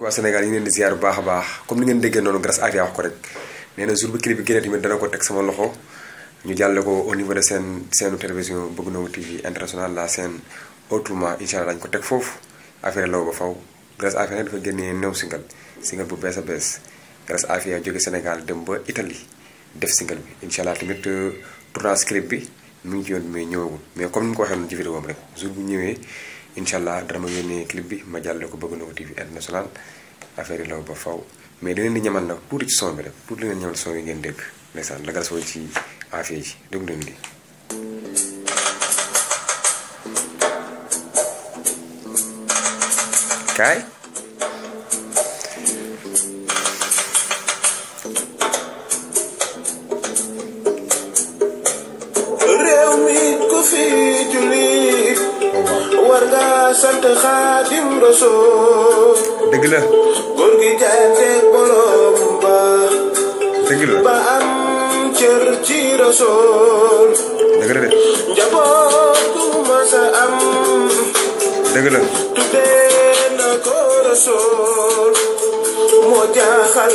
waa Sénégal yi ngeen di ziar bu baax a baax comme ni ngeen déggee noonu grâce Afia wax ko rek nee jour bi clip bi génnee tamit dana ko teg sama loxo ñu jàlle ko au niveau de seen seenu télévision Bëgg Ndongo TV international la seen autrement incha allah dañu ko teg foofu affaire law ba faw grâce Afia nag dafa génnee new single single bu bees a bees grâce Afia jóge Sénégal dem ba Italie def single bi incha allah tamit euh, tournage clip bi mu ngi ci yoon bi muy ñëwagul mais comme ni ñu ko waxee noonu ci rek bu ñëwee inshallah drama ma yónnee clip bi ma jàlle ko bëgg na TV international affaire yi law ba faw mais dinañ di ñamal nag pour ci son bi rek pour leen ñamal son yi ngeen dégg la gal so ci affaire yi dëgg leen lii kay réew ko fi julli Warga Santa sant xaadim rasool dëgg la góor gi borom ba dëgg la ba am cër ci rasool la de njabootu ma sa am dëgg la na ko rasool moo jaaxal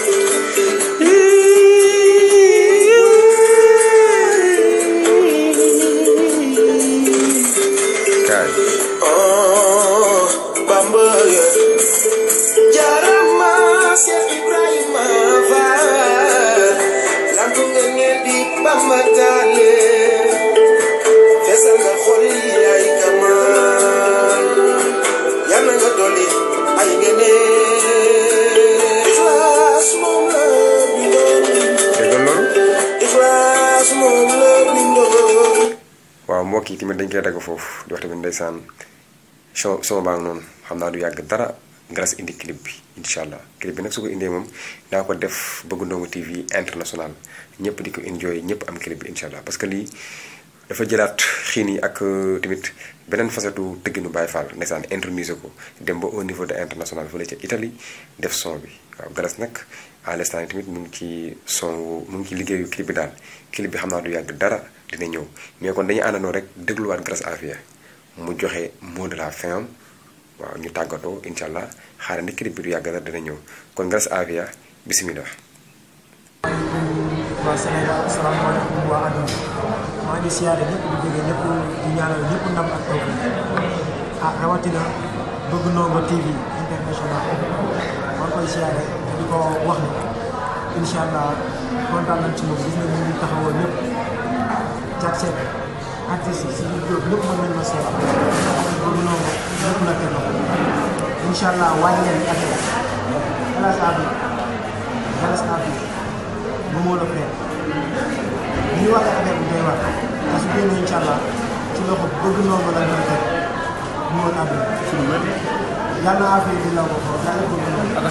mbokk yi tamit dañ koy dagg foofu di wax tamit ndeysaan son son baa ngi noonu xam naa du yàgg dara grâce indi clip bi incha allah clip bi nag su ko indee moom daa ko def Bëgg Ndongo TV international ñëpp di ko enjoy ñëpp am clip bi incha allah parce que lii dafa jëlaat xiin yi ak euh, tamit beneen facetu tëgginu Baye Fall ndeysaan introduire ko dem ba au niveau de international fële ca Italie def son bi waaw galas nag à l'instant tamit mu ngi ci son mu ngi ci liggéeyu clip bi daal clip bi xam naa du yàgg dara dina ñëw mais kon dañuy àndandoo rek dégluwaat grâce à Afia mu joxe mot de la fin am waaw ñu tàggatoo incha allah xaarandi clip bi du yàgg dara dina ñëw kon grâce à Afia bisimilah. di jóge ñëpp di ñaanal ñëpp TV international. maa ngi koy siyaare di ko wax ne incha allah kontaan nañ ci moom gis nañ ñu taxawoo ñëpp càq seet artiste yi si biir Diop ñëpp mën nañ ma seet ba mu noonu ñëpp la teg loxo incha allah wàññi leen ak Galas Abi Galas Abi Momo le Père li ñu wax ak affaire bi day wax parce que génn incha allah ci loxo bëgg noonu la ñu teg Momo le Père. yàlla naa affaire bi la ko xool yàlla ko